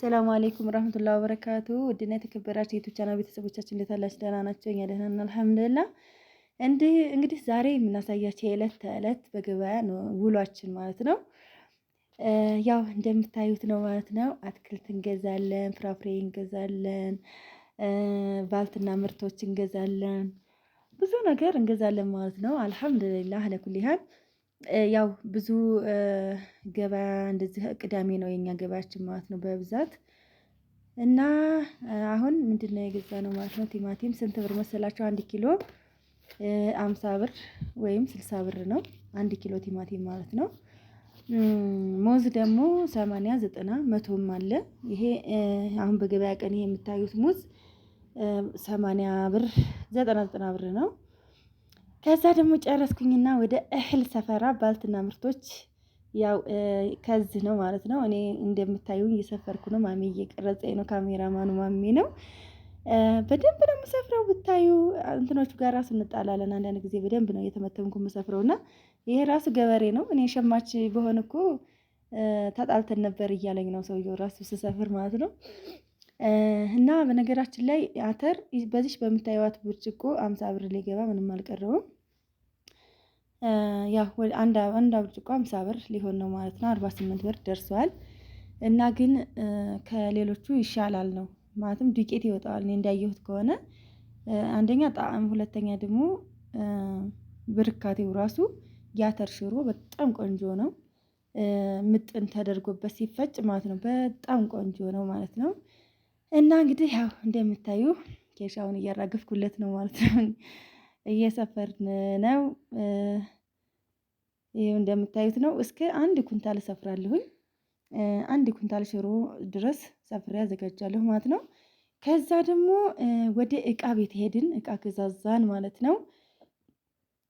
ሰላም አለይኩም ረህመቱላሂ ወበረካቱ ውድና የተከበራችሁ የቶቻና ቤተሰቦቻችን እንዴት አላችሁ? ደህና ናቸው። እኛ ደህና ነን አልሐምዱሊላህ። እንዲህ እንግዲህ ዛሬ የምናሳያቸው የዕለት ተዕለት በገበያ ውሏችን ማለት ነው። ያው እንደምታዩት ነው ማለት ነው። አትክልት እንገዛለን፣ ፍራፍሬ እንገዛለን፣ ባልትና ምርቶች እንገዛለን፣ ብዙ ነገር እንገዛለን ማለት ነው። አልሐምዱሊላህ አለኩል ያው ብዙ ገበያ እንደዚህ ቅዳሜ ነው የኛ ገበያችን ማለት ነው በብዛት እና አሁን ምንድን ነው የገዛ ነው ማለት ነው። ቲማቲም ስንት ብር መሰላቸው አንድ ኪሎ አምሳ ብር ወይም ስልሳ ብር ነው አንድ ኪሎ ቲማቲም ማለት ነው። ሙዝ ደግሞ ሰማንያ ዘጠና መቶም አለ ይሄ አሁን በገበያ ቀን የምታዩት ሙዝ ሰማንያ ብር ዘጠና ዘጠና ብር ነው ከዛ ደግሞ ጨረስኩኝና ወደ እህል ሰፈራ ባልትና ምርቶች ያው ከዚህ ነው ማለት ነው። እኔ እንደምታዩኝ እየሰፈርኩ ነው። ማሜ እየቀረጸኝ ነው። ካሜራማኑ ማሜ ነው። በደንብ ነው የምሰፍረው። ብታዩ እንትኖቹ ጋር ራሱ እንጣላለን አንዳንድ ጊዜ። በደንብ ነው እየተመተምኩ የምሰፍረው እና ይሄ ራሱ ገበሬ ነው። እኔ ሸማች በሆን እኮ ተጣልተን ነበር እያለኝ ነው ሰውየው ራሱ ስሰፍር ማለት ነው። እና በነገራችን ላይ አተር በዚች በምታዩዋት ብርጭቆ አምሳ ብር ሊገባ ምንም አልቀረውም። ያው አንድ ብርጭቆ ሃምሳ ብር ሊሆን ነው ማለት ነው። አርባ ስምንት ብር ደርሰዋል እና ግን ከሌሎቹ ይሻላል ነው ማለትም ዱቄት ይወጣዋል። እኔ እንዳየሁት ከሆነ አንደኛ ጣዕም፣ ሁለተኛ ደግሞ ብርካቴው ራሱ የአተር ሽሮ በጣም ቆንጆ ነው። ምጥን ተደርጎበት ሲፈጭ ማለት ነው በጣም ቆንጆ ነው ማለት ነው። እና እንግዲህ ያው እንደምታዩ ኬሻውን እያራገፍኩለት ነው ማለት ነው። እየሰፈርን ነው። ይህ እንደምታዩት ነው። እስከ አንድ ኩንታል ሰፍራለሁኝ። አንድ ኩንታል ሽሮ ድረስ ሰፍሬ አዘጋጃለሁ ማለት ነው። ከዛ ደግሞ ወደ እቃ ቤት ሄድን። እቃ ገዛዛን ማለት ነው።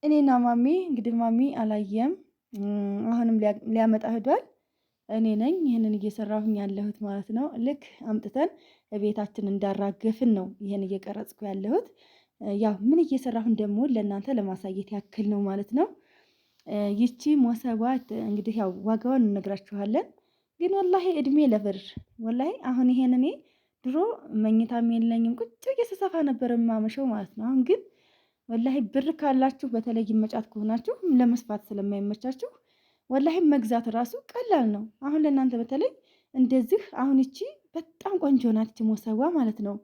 እኔና ማሚ እንግዲህ ማሚ አላየም፣ አሁንም ሊያመጣ ሂዷል። እኔ ነኝ ይህንን እየሰራሁኝ ያለሁት ማለት ነው። ልክ አምጥተን ቤታችን እንዳራገፍን ነው ይህን እየቀረጽኩ ያለሁት። ያው ምን እየሰራሁ እንደምውል ለእናንተ ለማሳየት ያክል ነው ማለት ነው። ይቺ ሞሰባ እንግዲህ ያው ዋጋዋን እንነግራችኋለን። ግን ወላሂ እድሜ ለብር ወላሂ አሁን ይሄን እኔ ድሮ መኝታም የለኝም ቁጭ እየተሰፋ ነበር የማመሸው ማለት ነው። አሁን ግን ወላሂ ብር ካላችሁ በተለይ መጫት ከሆናችሁ ለመስፋት ስለማይመቻችሁ ወላሂ መግዛት ራሱ ቀላል ነው። አሁን ለእናንተ በተለይ እንደዚህ አሁን ይቺ በጣም ቆንጆ ናት ሞሰቧ ማለት ነው።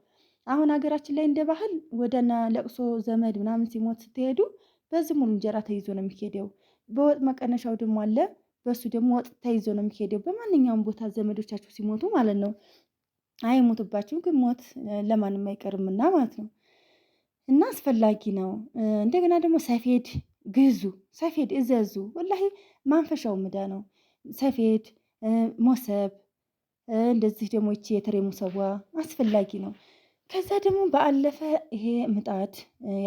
አሁን ሀገራችን ላይ እንደ ባህል ወደና ለቅሶ ዘመድ ምናምን ሲሞት ስትሄዱ በዚህ ሙሉ እንጀራ ተይዞ ነው የሚሄደው። በወጥ መቀነሻው ደግሞ አለ። በእሱ ደግሞ ወጥ ተይዞ ነው የሚሄደው። በማንኛውም ቦታ ዘመዶቻችሁ ሲሞቱ ማለት ነው። አይሞቱባችሁ፣ ግን ሞት ለማንም አይቀርምና ማለት ነው። እና አስፈላጊ ነው። እንደገና ደግሞ ሰፌድ ግዙ፣ ሰፌድ እዘዙ። ወላሂ ማንፈሻው ምዳ ነው። ሰፌድ፣ ሞሰብ እንደዚህ ደግሞ ይቺ የትሬ ሙሰቧ አስፈላጊ ነው። ከዛ ደግሞ ባለፈ ይሄ ምጣድ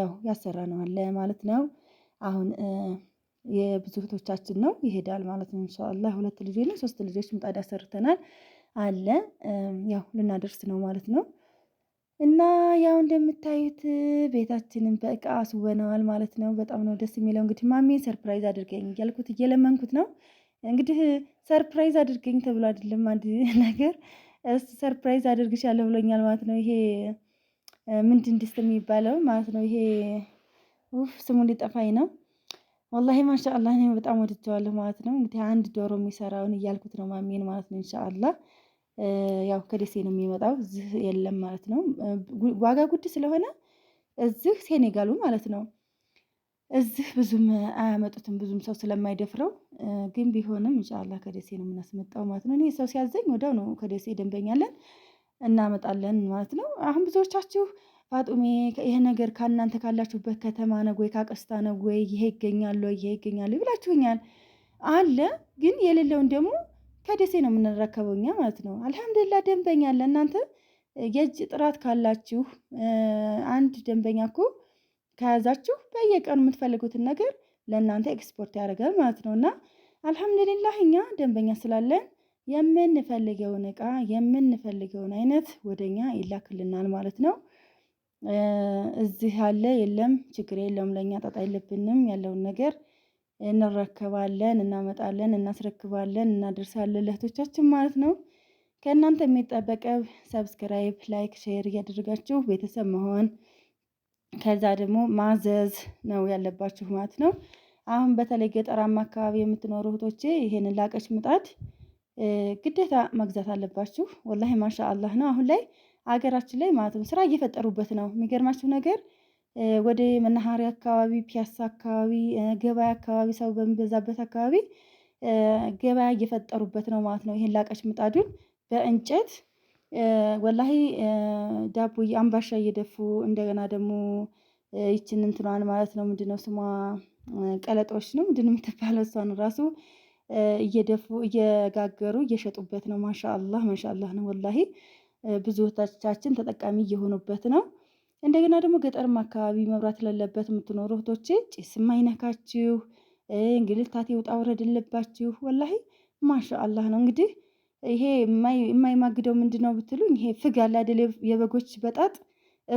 ያው ያሰራ ነው አለ ማለት ነው። አሁን የብዙ እህቶቻችን ነው ይሄዳል ማለት ነው። ኢንሻአላህ ሁለት ልጆች ነው ሶስት ልጆች ምጣድ አሰርተናል አለ ያው ልናደርስ ነው ማለት ነው። እና ያው እንደምታዩት ቤታችንን በእቃ አስውበነዋል ማለት ነው። በጣም ነው ደስ የሚለው። እንግዲህ ማሜን ሰርፕራይዝ አድርገኝ እያልኩት እየለመንኩት ነው። እንግዲህ ሰርፕራይዝ አድርገኝ ተብሎ አይደለም አንድ ነገር ሰርፕራይዝ አደርግሻለሁ ብሎኛል ማለት ነው። ይሄ ምንድን ድስት የሚባለው ማለት ነው። ይሄ ውፍ ስሙ ሊጠፋኝ ነው። ወላሂ ማሻአላህ እኔ በጣም ወድጀዋለሁ ማለት ነው። እንግዲህ አንድ ዶሮ የሚሰራውን እያልኩት ነው ማሜን ማለት ነው። ኢንሻአላህ ያው ከደሴ ነው የሚመጣው እዚህ የለም ማለት ነው። ዋጋ ጉድ ስለሆነ እዚህ ሴኔጋሉ ማለት ነው እዚህ ብዙም አያመጡትም ብዙም ሰው ስለማይደፍረው፣ ግን ቢሆንም እንሻላ ከደሴ ነው የምናስመጣው ማለት ነው። እኔ ሰው ሲያዘኝ ወዲያው ነው ከደሴ ደንበኛለን እናመጣለን ማለት ነው። አሁን ብዙዎቻችሁ ፋጡሜ ይሄ ነገር ከእናንተ ካላችሁበት ከተማ ነው ወይ ካቀስታ ነው ወይ ይሄ ይገኛሉ ወይ ይሄ ይገኛሉ ይብላችሁኛል አለ ግን የሌለውን ደግሞ ከደሴ ነው የምንረከበው እኛ ማለት ነው። አልሐምዱሊላ ደንበኛ እናንተ የእጅ ጥራት ካላችሁ አንድ ደንበኛ እኮ ከያዛችሁ በየቀኑ የምትፈልጉትን ነገር ለእናንተ ኤክስፖርት ያደርጋል ማለት ነው እና አልሐምዱሊላህ እኛ ደንበኛ ስላለን የምንፈልገውን እቃ የምንፈልገውን አይነት ወደኛ ይላክልናል ማለት ነው። እዚህ ያለ የለም ችግር የለውም ለእኛ ጣጣ የለብንም። ያለውን ነገር እንረከባለን፣ እናመጣለን፣ እናስረክባለን፣ እናደርሳለን ለእህቶቻችን ማለት ነው። ከእናንተ የሚጠበቀው ሰብስክራይብ፣ ላይክ፣ ሼር እያደረጋችሁ ቤተሰብ መሆን ከዛ ደግሞ ማዘዝ ነው ያለባችሁ ማለት ነው። አሁን በተለይ ገጠራማ አካባቢ የምትኖሩ እህቶቼ ይሄንን ላቀች ምጣድ ግዴታ መግዛት አለባችሁ። ወላሂ ማሻአላህ ነው አሁን ላይ አገራችን ላይ ማለት ነው ስራ እየፈጠሩበት ነው። የሚገርማችሁ ነገር ወደ መናኸሪያ አካባቢ፣ ፒያሳ አካባቢ፣ ገበያ አካባቢ ሰው በሚበዛበት አካባቢ ገበያ እየፈጠሩበት ነው ማለት ነው። ይሄን ላቀች ምጣዱን በእንጨት ወላሂ ዳቦ አምባሻ እየደፉ እንደገና ደግሞ ይችን እንትኗን ማለት ነው ምንድነው ስሟ ቀለጦች ነው ምንድነው የምትባለው? እሷን ራሱ እየደፉ እየጋገሩ እየሸጡበት ነው። ማሻ ማሻላ ነው ወላሂ ብዙዎቻችን ተጠቃሚ እየሆኑበት ነው። እንደገና ደግሞ ገጠርም አካባቢ መብራት ለለበት የምትኖሩ እህቶቼ ጭስም አይነካችሁ እንግልታቴ ውጣ ውረድ የለባችሁ። ወላሂ ነው እንግዲህ ይሄ የማይማግደው ምንድነው ብትሉኝ ይሄ ፍግ አለ አይደል የበጎች በጣጥ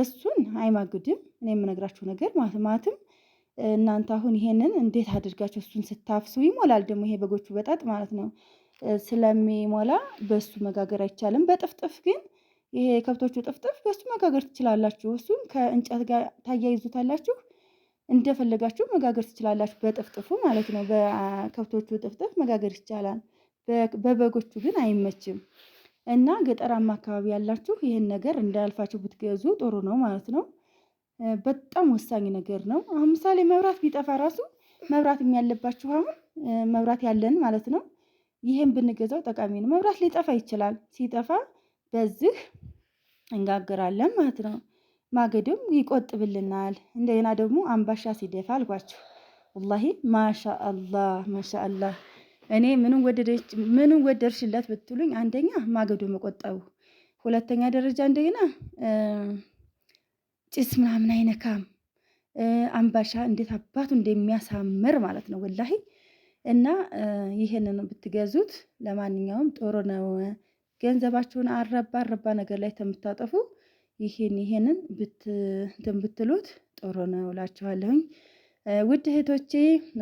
እሱን አይማግድም እኔ የምነግራችሁ ነገር ማትማትም እናንተ አሁን ይሄንን እንዴት አድርጋችሁ እሱን ስታፍሱ ይሞላል ደግሞ ይሄ በጎቹ በጣጥ ማለት ነው ስለሚሞላ በሱ መጋገር አይቻልም በጥፍጥፍ ግን ይሄ የከብቶቹ ጥፍጥፍ በሱ መጋገር ትችላላችሁ እሱም ከእንጨት ጋር ታያይዙታላችሁ እንደፈለጋችሁ መጋገር ትችላላችሁ በጥፍጥፉ ማለት ነው በከብቶቹ ጥፍጥፍ መጋገር ይቻላል በበጎቹ ግን አይመችም። እና ገጠራማ አካባቢ ያላችሁ ይህን ነገር እንዳያልፋችሁ ብትገዙ ጥሩ ነው ማለት ነው። በጣም ወሳኝ ነገር ነው። አሁን ምሳሌ መብራት ቢጠፋ ራሱ መብራት ያለባችሁ አሁን መብራት ያለን ማለት ነው። ይህም ብንገዛው ጠቃሚ ነው። መብራት ሊጠፋ ይችላል። ሲጠፋ በዚህ እንጋግራለን ማለት ነው። ማገዶም ይቆጥብልናል። እንደገና ደግሞ አምባሻ ሲደፋ አልኳችሁ ወላሂ ማሻአላህ ማሻአላህ እኔ ምንም ወደድሽለት ብትሉኝ አንደኛ ማገዶ መቆጠቡ፣ ሁለተኛ ደረጃ እንደገና ጭስ ምናምን አይነካም። አምባሻ እንዴት አባቱ እንደሚያሳምር ማለት ነው ወላሂ። እና ይህንን ብትገዙት ለማንኛውም ጥሩ ነው። ገንዘባችሁን አረባ አረባ ነገር ላይ ተምታጠፉ ይህን ይሄንን ብትሉት ጥሩ ነው እላችኋለሁኝ። ውድ እህቶቼ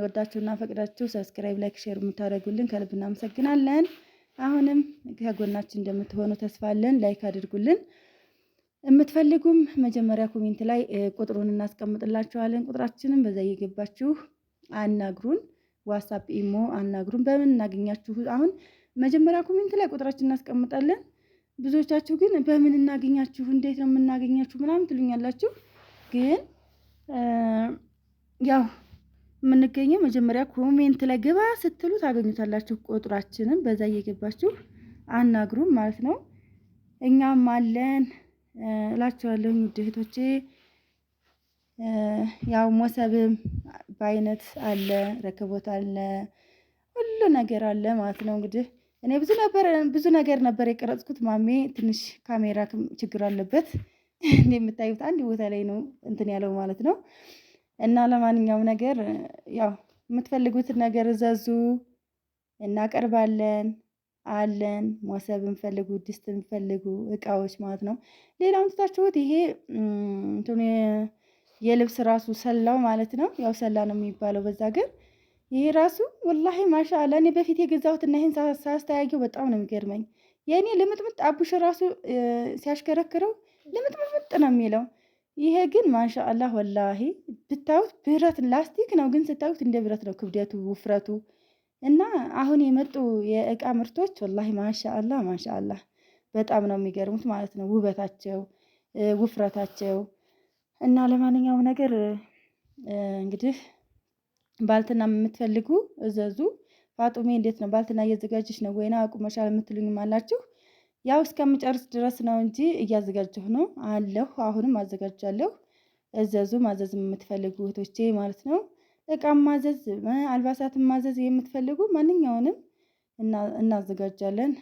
ወዳችሁና ፈቅዳችሁ ሰብስክራይብ፣ ላይክ፣ ሼር የምታደርጉልን ከልብ እናመሰግናለን። አሁንም ከጎናችን እንደምትሆኑ ተስፋ አለን። ላይክ አድርጉልን። የምትፈልጉም መጀመሪያ ኮሜንት ላይ ቁጥሩን እናስቀምጥላችኋለን። ቁጥራችንም በዛ እየገባችሁ አናግሩን። ዋትሳፕ፣ ኢሞ አናግሩን። በምን እናገኛችሁ? አሁን መጀመሪያ ኮሜንት ላይ ቁጥራችን እናስቀምጣለን። ብዙዎቻችሁ ግን በምን እናገኛችሁ፣ እንዴት ነው የምናገኛችሁ ምናምን ትሉኛላችሁ ግን ያው የምንገኘው መጀመሪያ ኮሜንት ላይ ግባ ስትሉ ታገኙታላችሁ። ቁጥራችንም በዛ እየገባችሁ አናግሩም ማለት ነው። እኛም አለን እላችኋለሁ ውድ እህቶቼ። ያው ሞሰብም በአይነት አለ፣ ረከቦት አለ፣ ሁሉ ነገር አለ ማለት ነው። እንግዲህ እኔ ብዙ ነበር ብዙ ነገር ነበር የቀረጽኩት። ማሜ ትንሽ ካሜራ ችግር አለበት። እንደምታዩት አንድ ቦታ ላይ ነው እንትን ያለው ማለት ነው። እና ለማንኛውም ነገር ያው የምትፈልጉትን ነገር እዘዙ፣ እናቀርባለን አለን። ሞሰብ እንፈልጉ፣ ድስት እንፈልጉ እቃዎች ማለት ነው። ሌላውን ትታችሁት ይሄ እንትኑ የልብስ ራሱ ሰላው ማለት ነው። ያው ሰላ ነው የሚባለው በዛ ግን ይሄ ራሱ ወላሂ ማሻአላ እኔ በፊት የገዛሁት እና ይህን ሳስተያየው በጣም ነው የሚገርመኝ። የእኔ ልምጥምጥ አቡሽ ራሱ ሲያሽከረክረው ልምጥምጥ ነው የሚለው ይሄ ግን ማሻአላህ ወላሂ ብታዩት ብረት ላስቲክ ነው፣ ግን ስታዩት እንደ ብረት ነው ክብደቱ፣ ውፍረቱ እና አሁን የመጡ የእቃ ምርቶች ወላሂ ማሻአላህ ማሻአላህ በጣም ነው የሚገርሙት ማለት ነው ውበታቸው፣ ውፍረታቸው እና ለማንኛውም ነገር እንግዲህ ባልትና የምትፈልጉ እዘዙ። ፋጡሜ እንዴት ነው ባልትና እየዘጋጀች ነው ወይና አቁመሻል የምትሉኝም አላችሁ። ያው እስከምጨርስ ድረስ ነው እንጂ እያዘጋጀሁ ነው አለሁ። አሁንም አዘጋጃለሁ። እዘዙ ማዘዝ የምትፈልጉ እህቶቼ ማለት ነው። እቃም ማዘዝ፣ አልባሳትን ማዘዝ የምትፈልጉ ማንኛውንም እናዘጋጃለን።